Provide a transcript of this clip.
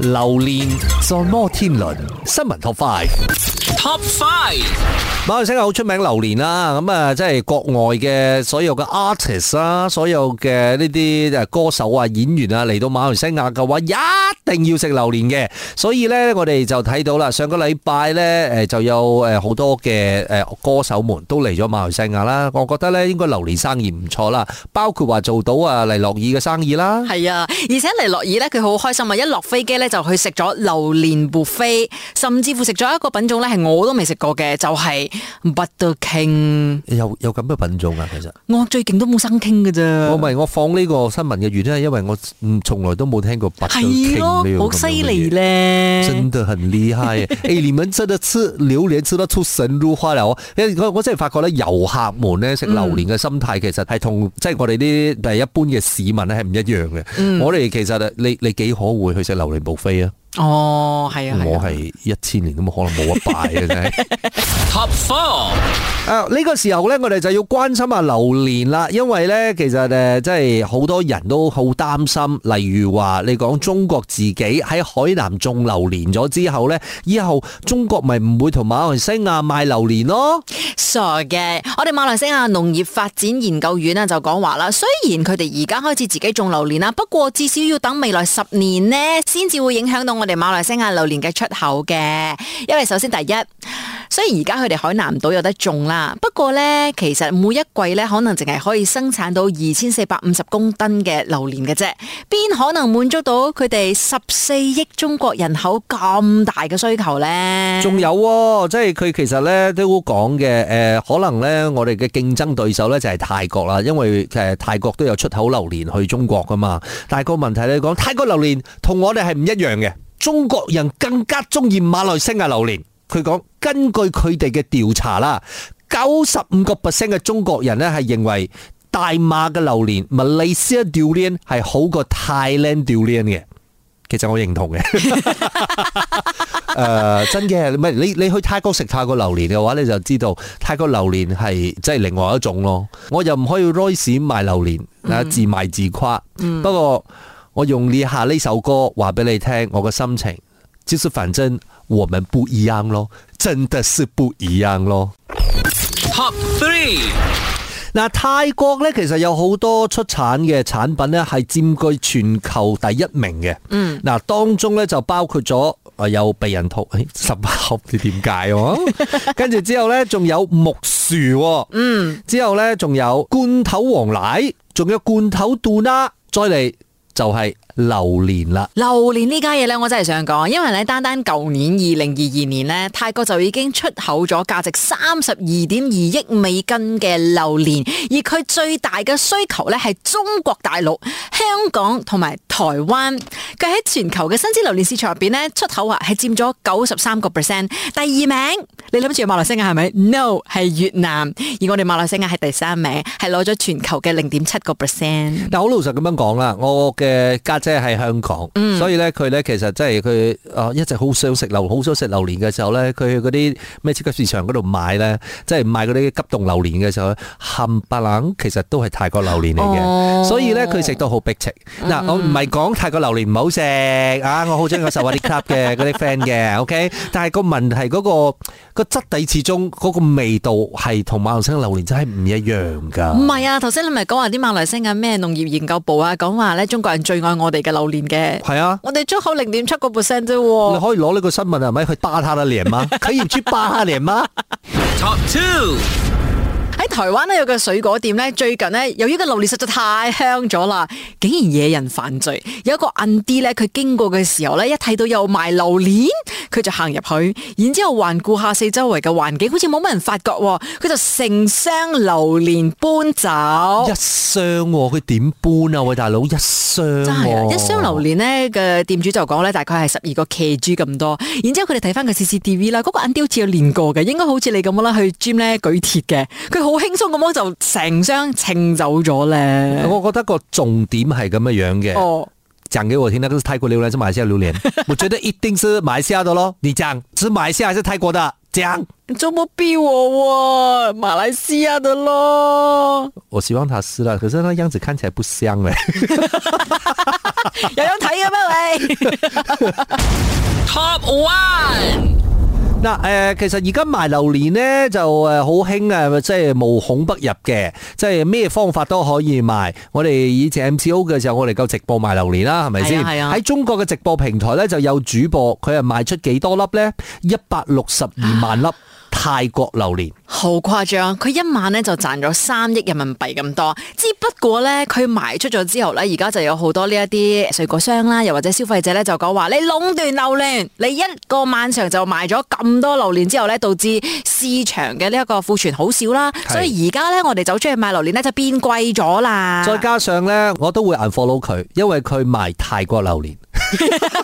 榴蓮在摩天輪，新聞 TOP5。Top Five，馬來西亞好出名榴蓮啦，咁啊即係國外嘅所有嘅 artist 啊，所有嘅呢啲誒歌手啊、演員啊嚟到馬來西亞嘅話，一定要食榴蓮嘅。所以咧，我哋就睇到啦，上個禮拜咧誒就有誒好多嘅誒歌手們都嚟咗馬來西亞啦。我覺得咧應該榴蓮生意唔錯啦，包括話做到啊黎樂爾嘅生意啦。係啊，而且黎樂爾咧佢好開心啊，一落飛機咧就去食咗榴蓮 buffet，甚至乎食咗一個品種咧係我。我都未食過嘅，就係 Butter King。有有咁嘅品種啊？其實我最近都冇生 King 嘅啫。我唔係我放呢個新聞嘅原因，係因為我從來都冇聽過 Butter King, 是的。不係咯，好犀利咧！真的很厲害、 欸。你們真的吃榴蓮吃得出神入化又，我真係發覺咧，遊客們咧食榴蓮嘅心態其實係同即係我哋啲誒一般嘅市民咧係唔一樣嘅，嗯。我哋其實你你幾可會去食榴蓮冒飛啊？哦，係啊，我係一千年都冇 可能冇一敗嘅。Top four，誒，呢個時候呢我哋就要關心下榴蓮啦，因為呢其實誒，即係好多人都好擔心，例如話你講中國自己喺海南種榴蓮咗之後呢以後中國咪唔會同馬來西亞賣榴蓮咯？傻嘅，我哋馬來西亞農業發展研究院啊就講話啦，雖然佢哋而家開始自己種榴蓮啦，不過至少要等未來十年呢先至會影響到我。我哋馬來西亞榴蓮嘅出口嘅，因為首先第一，所以而家佢哋海南島有得種啦。不過呢，其實每一季呢，可能淨係可以生產到二千四百五十公噸嘅榴蓮嘅啫，邊可能滿足到佢哋十四億中國人口咁大嘅需求呢？仲有、啊，即係佢其實呢都講嘅，誒、呃，可能呢，我哋嘅競爭對手呢，就係泰國啦，因為泰國都有出口榴蓮去中國噶嘛。但係個問題嚟講，泰國榴蓮同我哋係唔一樣嘅。中國人更加中意馬來西亞榴蓮。佢講根據佢哋嘅調查啦，九十五個 percent 嘅中國人咧係認為大馬嘅榴蓮 Malaysia durian 係好過 Thailand durian 嘅。其實我認同嘅、 呃，誒真嘅，唔係你你去泰國食泰國榴蓮嘅話，你就知道泰國榴蓮係即係另外一種咯。我又唔可以 Royce 賣榴蓮啊，自賣自誇、嗯。不過。我用呢下呢首歌話俾你聽，我嘅心情，即是反正我們不一樣咯，真的是不一樣咯。Top three，嗱泰國咧，其實有好多出產嘅產品咧，係佔據全球第一名嘅。嗯，嗱當中咧就包括咗，誒有避孕套，十八盒，你點解，跟住之後咧仲有木薯，嗯，之後咧仲有罐頭黃奶，仲有罐頭杜啦，再嚟。就係、是、榴蓮啦！榴蓮呢家嘢呢，我真係想講，因為咧單單舊年二零二二年呢，泰國就已經出口咗價值三十二點二億美金嘅榴蓮，而佢最大嘅需求呢，係中國大陸、香港同埋台灣。佢喺全球嘅新鮮榴蓮市場入邊呢，出口啊係佔咗九十三個 percent，第二名。你諗住馬來西亞係咪？No，係越南，而我哋馬來西亞係第三名，係攞咗全球嘅零點七個 percent。但，好老實咁樣講啦，我嘅家姐喺香港，所以咧佢咧其實真係佢啊一直好想食榴好想食榴蓮嘅時候咧，佢去嗰啲咩超級市場嗰度買咧，即係買嗰啲急凍榴蓮嘅時候咧，冚唪唥其實都係泰國榴蓮嚟嘅，所以咧佢食到好迫情。嗱，我唔係講泰國榴蓮唔好食啊，我好中意我受阿啲 club 嘅嗰啲 friend 嘅，OK，但係個問題嗰個嗰。質地始終嗰個味道係同馬來西亞榴蓮真係唔一樣噶。唔係啊，頭先你咪講話啲馬來西亞咩農業研究部啊，講話咧中國人最愛我哋嘅榴蓮嘅。係啊，我哋出口零點七個 percent 啫。你可以攞呢個新聞係咪去巴下阿娘嗎？佢唔知巴下阿娘嗎？Top two 喺台灣呢，有個水果店呢，最近呢，由於個榴蓮實在太香咗啦，竟然惹人犯罪。有一個暗啲咧，佢經過嘅時候呢，一睇到有賣榴蓮。佢就行入去，然之後環顧下四周圍嘅環境，好似冇乜人發覺。佢就成箱榴蓮搬走，一箱喎、哦！佢點搬啊？喂大佬一箱、哦。真係一箱榴蓮咧，嘅店主就講咧，大概係十二個 kg 咁多。然之後佢哋睇翻個 CCTV 啦，嗰個銀釘好似有練過嘅，應該好似你咁樣啦去 gym 咧舉鐵嘅。佢好輕鬆咁樣就成箱稱走咗咧。我覺得個重點係咁樣樣嘅。哦講給我聽，那個是泰國榴蓮是馬來西亞榴蓮？我覺得一定是馬來西亞的咯。你講是馬來西亞還是泰國的？講，你這麼逼我，我，我馬來西亞的咯。我希望它是了，可是那樣子看起來不香哎，欸。又 有睇嘅冇哎。 Top one。嗱誒，其實而家賣榴蓮呢就誒好興啊，即係無孔不入嘅，即係咩方法都可以賣。我哋以前 MCO 嘅時候，我哋夠直播賣榴蓮啦，係咪先？係啊！喺、啊、中國嘅直播平台呢，就有主播佢係賣出幾多粒呢？一百六十二萬粒、啊。泰國榴蓮好誇張，佢一晚咧就賺咗三億人民幣咁多。只不過咧，佢賣出咗之後咧，而家就有好多呢一啲水果商啦，又或者消費者咧就講話：你壟斷榴蓮，你一個晚上就賣咗咁多榴蓮之後咧，導致市場嘅呢一個庫存好少啦。所以而家咧，我哋走出去買榴蓮咧就變貴咗啦。再加上咧，我都會 unfollow 佢，因為佢賣泰國榴蓮。